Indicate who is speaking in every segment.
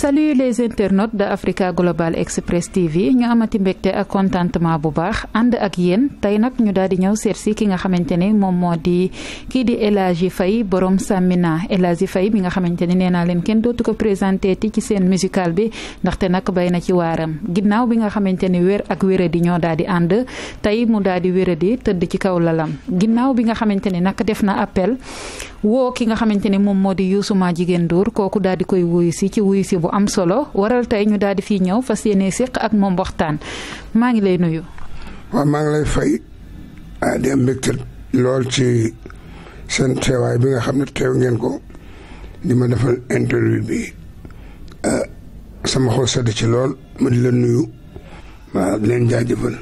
Speaker 1: salue les internautes de Africa Global Express TV ñu amati mbégte ak contentement bu baax and ak yeen tay nak ñu daal di ñew sersi ki nga xamantene mom modi ki di Elaji borom Samina elaji Faye bi nga xamantene neena len ken ko présenter ti ci scène musical bi ndaxte nak bay na ci waram ginnaw bi nga xamantene wër ak wëré di ñoo daal di and tay mu daal di di teud ci kaw lalam ginnaw bi nga xamantene nak defna appel woo ki nga xamante ni moom moo di Youssou jigéen Ndour kooku daal koy wuyu si ci wuyu si bu am solo waral tey ñu daal di fii ñëw fas yéene séq ak moom waxtaan maa ngi lay nuyu.
Speaker 2: waaw maa ngi lay fay ah, di am mbégte lool ci seen teewaay bi nga xam ne teew ngeen ko di ma defal interview bi ah, sama xol sedd ci lool ma di la nuyu ma di leen jaajëfal.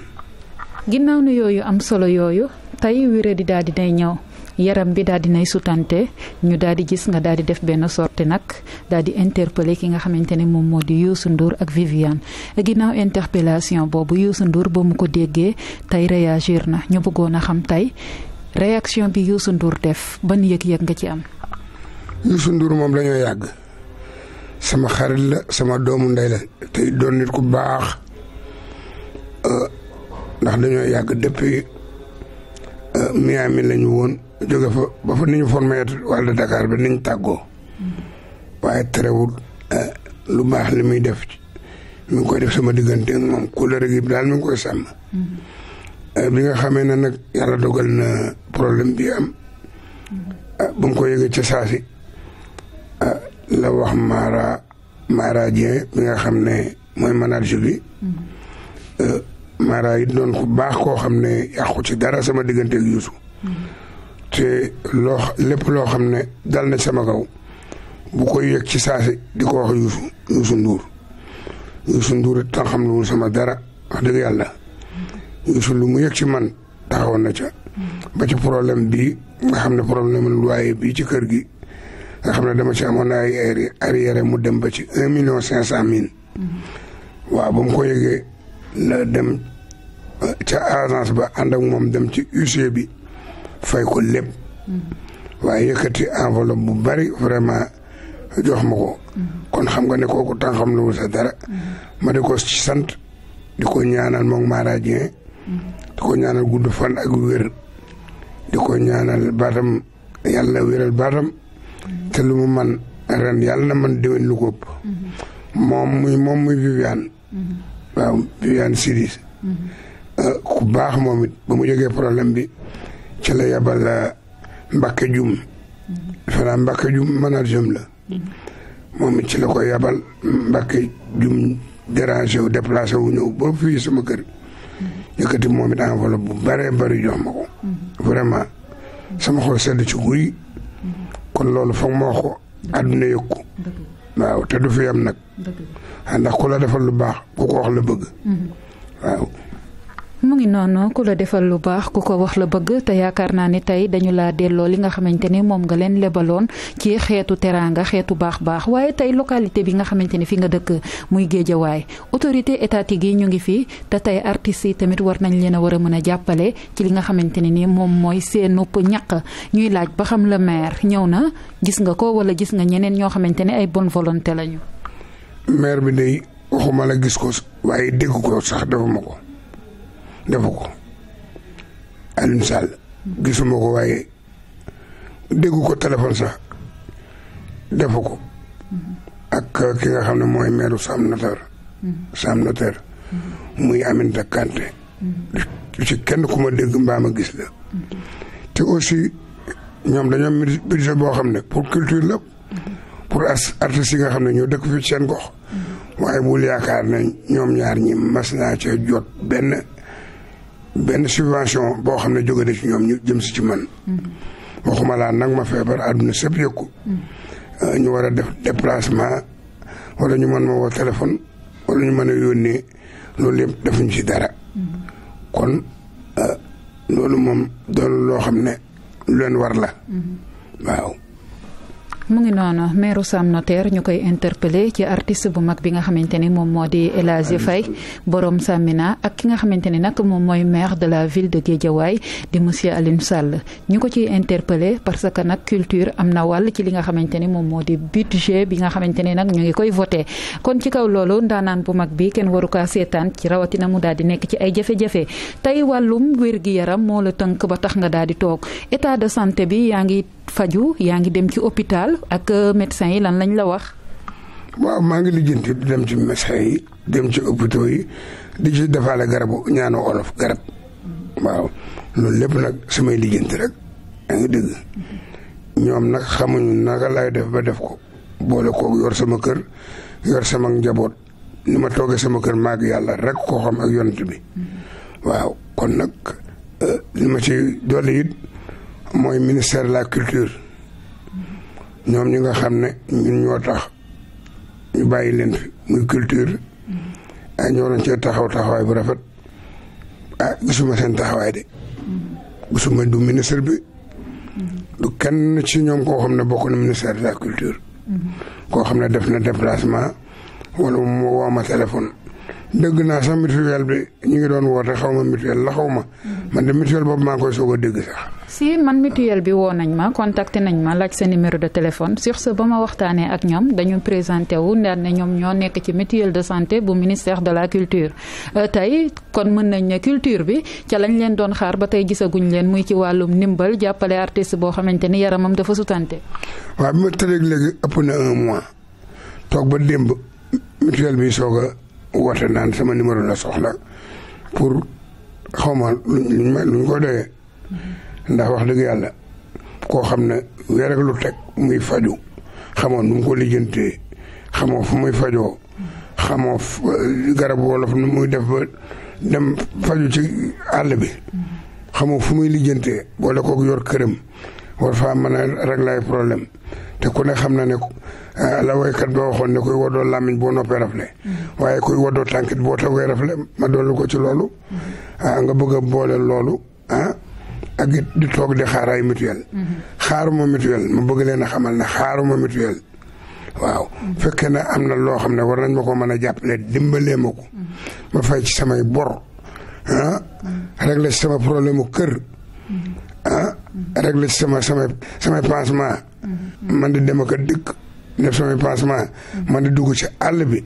Speaker 1: ginnaaw nu yooyu am solo yooyu tey wéré di daal di day ñëw. yaram bi daal dinay sutante ñu daal di gis nga daal di def benn sorte nag daal di interpellé ki nga xamante ne moom moo di Youssou Ndour ak Viviane ginnaaw interpellation boobu Youssou Ndour ba mu ko déggee tey réagir na ñu bëggoon a xam tey réaction bi Youssou Ndour def ban yëg-yëg nga ci am
Speaker 2: Youssou Ndour moom ñoo yàgg sama xarit la sama doomu ndey la tey doon nit ku baax euh, ndax dañoo yàgg depuis euh, Miami lañu woon jóge fa ba fa ni ñu formé wàllu Dakar bi ni ñu tàggoo waaye terewul eh, lu baax li muy def mi ngi koy def sama diggante moom couleur gi daal mi ngi koy sàmm. Mm-hmm. Eh, bi nga xamee ne nag yàlla dogal na problème bi am. Mm-hmm. Eh, bu mu ko yëgee ca saasi la wax Mara Mara Dieng bi nga xam ne mooy manager bi. Mm-hmm. Mara it doon ku baax koo xam ne yàqu ci dara sama diggante ak te loo lépp loo xam ne dal na sama kaw bu koy yëg ci saasi di ko wax Youssou Youssou Ndour Youssou Ndour it xam ne wul sama dara wax dëgg yàlla Youssou lu mu yëg ci man taxawoon na ca ba ci problème bii nga xam ne problème loyer bii ci kër gi nga xam ne dama ci amoon ay arrière mu dem ba ci un million cinq cent mille waaw ba mu ko yëgee la dem euh, ca agence ba ànd moom dem ci huissier bi fay ko lépp waaye yëkkati enveloppe bu vraiment jox ma ko kon xam nga ne kooku tan xam lu mu sa dara ma di ko ci ñaanal moom Mara Dieng di ñaanal gudd fan ak wér ñaanal baatam yàlla wéral baatam te lu mu man ren yàlla na moom muy moom muy Viviane waaw Viviane Sidis euh, ku baax moom it ba mu jógee problème bi ci la yabal Mbacke Dioum defe naa Mbacke Dioum manager la moom ci la ko yabal Mbacke Dioum dérangé wu déplacé wu ñëw ba fii sama kër yëkkati moom it enveloppe bu bëree vraiment sama xol sedd ci guy kon loolu foog ma wax ko àdduna yëg ko waaw te du la defal lu baax ku ko
Speaker 3: wax
Speaker 1: mu ngi noonu ku la defal lu baax ku ko wax la bëgg te yaakaar naa ni tey dañu laa delloo li nga xamante ni moom nga leen lebaloon ci xeetu teraanga xeetu baax baax waaye tey localité bi nga xamante ni fi nga dëkk muy Géejawaay autorité étatique yi ñu ngi fi te tey artistes yi tamit war nañ leen a war a mën a jàppale ci li nga xamante ne ni moom mooy seen seenupp ñaq ñuy laaj ba xam la maire ñëw na gis nga ko wala gis nga ñeneen ñoo xamante ne ay bonne volonté
Speaker 2: lañu. gis ko waaye defu ko Alioune gisuma ko waaye déggu ko téléphone sax defu ko ak ki nga xam ne mooy meeru Sam Notaire Sam Notaire muy Aminata Kanté ci kenn ku ma dégg mbaam a gis la te aussi ñoom dañoo budget boo xam ne pour culture la pour artistes yi nga xam ne ñoo dëkk fi seen gox waaye bul yaakaar ne ñoom ñaar ñi mas naa cee jot benn benn subvention boo xam ne jóge na ci ñoom ñu si ci man waxuma laa nag ma feebar àdduna sëpp yëkku ñu war a def wala ñu ma woo téléphone wala ñu mën a yónnee loolu yëpp defuñ ci dara kon ah, loolu moom doon loo xam ne lu la
Speaker 1: mm-hmm. waaw mu ngi noonu maire Sam Notaire ñu koy interpellé ci artiste bu mag bi nga xamante ni moom moo di El Hadji Faye borom Samina ak ki nga xamante ni nag moom mooy maire de la ville de Guédiawaye di monsieur Alioune Sall ñu ko ci interpellé parce que nag culture am na wàll ci li nga xamante ni moom moo di budget bi nga xamante ni nag ñu ngi koy voté kon ci kaw loolu ndaanaan bu mag bi kenn waru kaa seetaan ci rawatina mu daal di nekk ci ay jafe-jafe tey wàllum wér yaram moo la tënk ba tax nga daal di toog état de santé bi yaa ngi faju yaa ngi dem ci hôpital ak euh, médecin yi lan lañ la wax.
Speaker 2: waaw maa ngi lijjanti di dem ci médecin yi dem ci hôpitaux yi di ci defaale garabu ñaanu olof garab waaw loolu lépp nag samay lijjanti rek yaa ngi dégg ñoom nag xamuñu naka laay def ba def ko boole koog yor sama kër yor sama njaboot ni ma toogee sama kër maag yàlla rek ko xam ak yonent bi waaw kon nag euh, li ma ci dolli it mooy ministère de la culture. ñoom ñi nga xam ne ñun ñoo tax ñu bàyyi leen muy culture
Speaker 3: mm-hmm.
Speaker 2: ah ñoo doon cee taxaw taxawaay bu rafet ah gisuma seen taxawaay de mm-hmm. du ministre bi
Speaker 3: mm-hmm.
Speaker 2: du kenn ci ñoom koo xam ne bokk na ministère de la culture koo xam ne def na déplacement wala mu woo ma téléphone dégg naa sax mutuel bi ñu ngi doon woote xaw ma mutuel la xaw ma man de mutuel boobu maa koy soog a sax.
Speaker 1: si man mutuel bi woo nañ ma contacté nañ ma laaj sa numéro de téléphone sur sa ba ma waxtaanee ak ñoom dañu présenté wu ndax ne ñoom ñoo nekk ci mutuel de santé bu ministère de la culture. Euh, tey kon mën nañ ne culture bi ca lañ leen doon xaar ba tey gisaguñ leen muy ci wàllum ndimbal jàppale artiste boo xamante ni yaramam dafa sutante.
Speaker 2: waaw bi ma tëjee léegi ëpp na un toog démb mutuel woote naan sama numéro la soxla pour xawma luñ ma luñ ko doyee ndax wax dëgg yàlla koo xam ne weer ak lu teg muy faju xamoo nu ko lijjantee xamoo fu muy fajoo xamoo garab wolof nu muy def ba dem faju ci àll bi xamoo fu muy lijjantee boole kook yor këram war faa mën a régler problème te ku ne xam na ne la waykat ba waxoon ne kuy woddoo làmmiñ boo wa rafle mm-hmm. waaye kuy tankit tànkit boo tawee rafle ma dolu lu ko ci lolu mm-hmm. ah, nga bëgg boole lolu ah ak di tok di xaar ay mutuel mo mm-hmm. mutuel ma bëgg leena xamal na ne mo mutuel waaw fekk ne am na loo xam ne war nañ ma ko mën a jàppale dimbalee ma ko ma fay ci samay bor ah régler sama problème kër ah régler sama sama sama pasma, pansement man di dem ak di def samay pansement man di dugg ci àll bi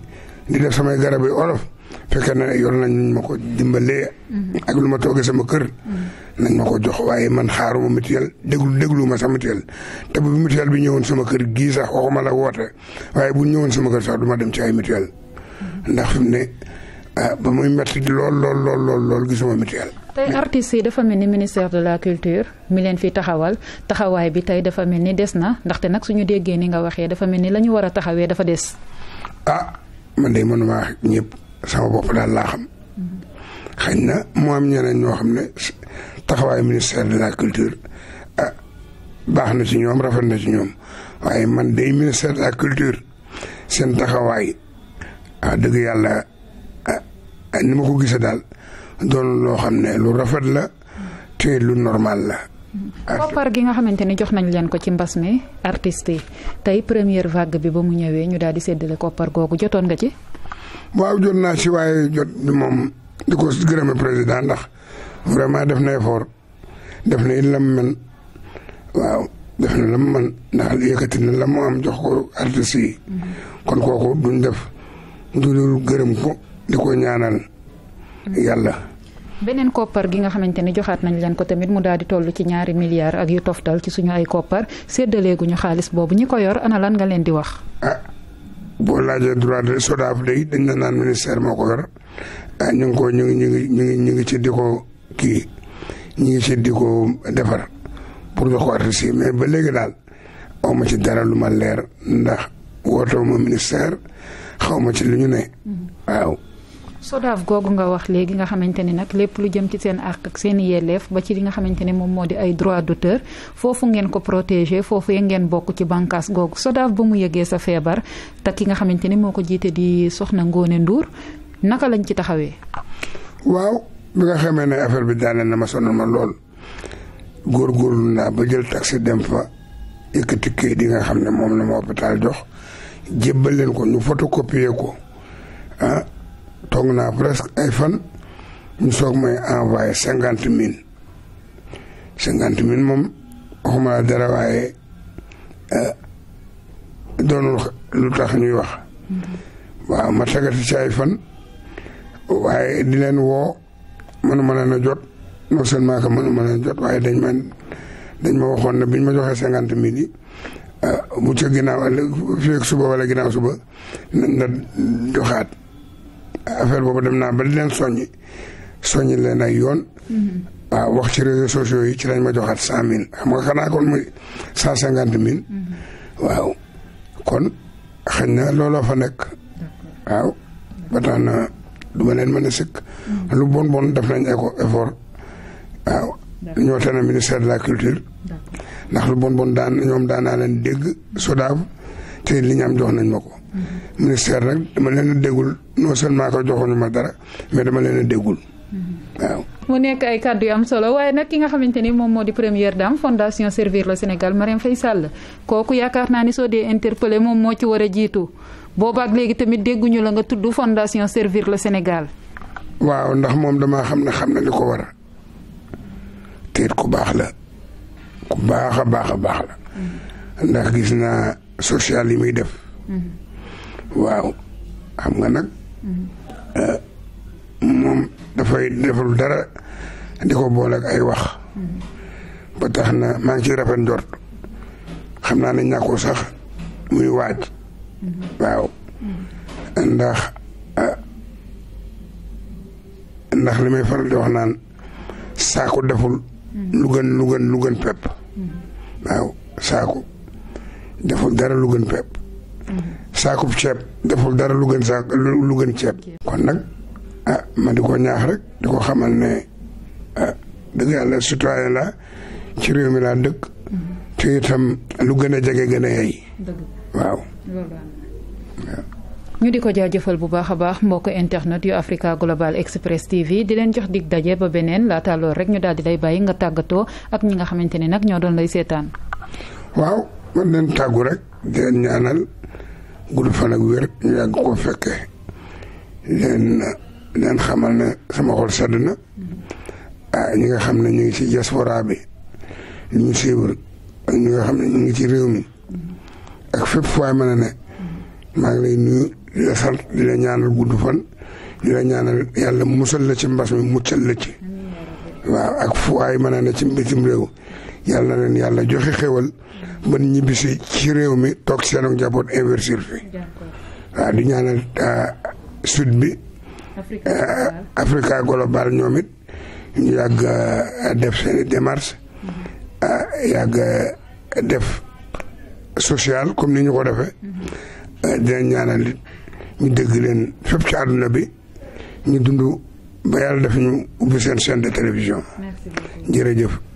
Speaker 2: di def samay garab yi olof fekkee ne yoon nañ ma ko dimbalee ak lu ma toogee sama kër nañ ma ko jox waaye man xaaruma mutuel déglu déglu ma sax mutuel te bu mutuel bi ñëwoon sama kër gii sax woote waaye bu ñëwoon sama kër sax du ma dem ci ay mutuel ndax fi mu ne ah, ba muy metti lool lool lool lool lool gisuma mutuel
Speaker 1: tey artistes yi dafa mel ni ministère de la culture mi leen fi taxawal taxawaay bi tey dafa mel ni des na ndaxte nag suñu déggee ni nga waxee dafa mel ni lañu war a taxawee dafa des.
Speaker 2: ah man de mënuma wax sama bopp daal laa xam xëy na moo am ñeneen ñoo xam ne taxawaayu ministère de la culture ah, baax na ci ñoom rafet na ci ñoom waaye man de ministère de la culture seen taxawaay ah, dëgg yàlla ah, ni ma ko gisee daal. doon loo xam ne lu rafet la te lu normal la.
Speaker 1: koppar gi nga xamante ne jox nañ leen ko ci mbas mi artistes yi tey première vague bi ba mu ñëwee ñu daal di séddale koppar googu jotoon nga ci.
Speaker 2: waaw jot naa si waaye jot bi moom di ko gërëme président ndax vraiment def na effort def na it lam man waaw def na lam man ndax yëkkati na mu am jox ko yi. kon kooku duñ def du gërëm ko di ko ñaanal yàlla
Speaker 1: benen koppar gi nga xamanteni joxat joxaat nañ leen ko tamit mu daal di toll ci ñaari milliards ak yu toftal ci suñu ay koppar ñu xaalis boobu ñi ko yor ana lan nga leen di wax bo ah,
Speaker 2: boo droit de sodaaf léegi dañ na naan ministère moo ko yor ah, ñu ngi ko ñu ngi ñu ngi ñu ngi ci di ko kii ñu ngi ci di ko defar pour jox ko artiste yi mais ba léegi daal aw ma ci dara lu ma leer ndax wootoo ma ministère xawma ci lu ñu ne mm-hmm. waaw
Speaker 1: SODAV googu nga wax léegi nga xamante ne nag lépp lu jëm ci seen àq ak seen yelleef ba ci li nga xamante ne moom moo di ay droit d'auteur foofu ngeen ko protéger foofu ngeen bokk ci bànkaas googu SODAV ba mu yëgee sa feebar te ki nga xamante ne moo ko jiite di soxna Ngone Ndour naka lañ ci taxawee.
Speaker 2: waaw bi nga xamee ne affaire bi daane na ma sonal ma lool góorgóorlu naa ba jël taxi dem fa yëkkati kayit yi nga xam ne moom la ma hôpital jox jébbal leen ko ñu photocopier ko ah toog naa presque ay fan ñu soog may envoyé cinquante mille cinquante mille moom waxuma la dara waaye euh, doonul lu tax ñuy wax waaw ma tagati ci ay fan waaye di leen woo mënuma leen a jot non seulement que mënuma leen a jot waaye dañ ma dañ ma waxoon ne biñ ma joxee cinquante mille yi euh, bu ca ginnaaw ëllëg fii ak suba wala ginnaaw suba na joxaat affaire boobu dem naa ba di leen soññi soññi leen ay yoon.
Speaker 3: Mm-hmm.
Speaker 2: waaw wax ci réseaux sociaux yi ci lañ ma joxaat cent mille xam nga muy cent cinquante mille.
Speaker 3: Mm-hmm.
Speaker 2: waaw kon xëy na looloo fa nekk. waaw ba na du ma leen mën mm-hmm. lu bon bon def nañ éco effort. waaw ñoo tane ministère de la culture. ndax lu bon bon daan ñoom daan naa leen dégg sodaab li ñu am jox nañ ma ko. ministère nag dama leen a déggul non seulement ko joxuñu ma dara mais dama leen déggul
Speaker 1: waaw. mu nekk ay kàddu yu am solo waaye nag ki nga xamante ni moom moo di première dame fondation Servir la Sénégal Marième Faye sàll kooku yaakaar naa ni soo dee interpellé moom moo ci war a jiitu boobaak léegi tamit dégguñu la nga tudd fondation Servir la Sénégal.
Speaker 2: waaw ndax moom damaa xam ne xam na li ko war a te ku baax la ku baax a baax a baax la. Mm-hmm. ndax gis naa social yi muy def. Mm-hmm. waaw xam nga nag eh, moom dafay deful dara di ko boole ak ay wax ba tax na maa ngi ci rafet njort xam naa ne ñàkkul sax muy waaj waaw ndax eh, ndax li may faral di wax naan saako deful lu gën lu gën lu gën pepp waaw saako deful dara lu gën saakub ceeb deful dara lu gën saak lu gën ceeb. kon nag ah ma di ko ñaax rek di ko xamal ne ah la ci réew mi laa dëkk. te itam lu gën a jege gën a yey. waaw.
Speaker 1: ñu di ko jaajëfal bu baax a baax mbokk internet yu Africa Global Express TV di leen jox dig daje ba beneen laata loolu rek ñu daal di lay bàyyi nga tàggatoo ak ñi nga xamante ne nag ñoo doon lay seetaan.
Speaker 2: waaw man leen tàggu rek di ñaanal. gudd fan ak wér ñu yàgg ko fekke leen leen xamal ne sama xol sedd na ah ñi nga xam ne ñu ngi ci diaspora bi ñu ngi suivre nga xam ne ñu ngi ci réew mi ak fépp fooy mën a ne maa ngi nuyu di la sant di la ñaanal gudd fan di la ñaanal yàlla musal la mbas mi muccal la waaw ak fooy mën a ne ci bitim réew yàlla leen yàlla joxe xéwal mën ñibbisi ci réew mi toog seen ak njaboot investir fi waaw di ñaanal euh, sud bi euh, Africa Global ñoom ñu yàgg euh, def seeni démarche mm-hmm. yàgg def social comme ni ñu ko defee mm-hmm. dinañ ñaanal it ñu dégg leen fépp ci àdduna bi ñu dund ba yàlla def ñu ubbi seen chaîne de télévision jërëjëf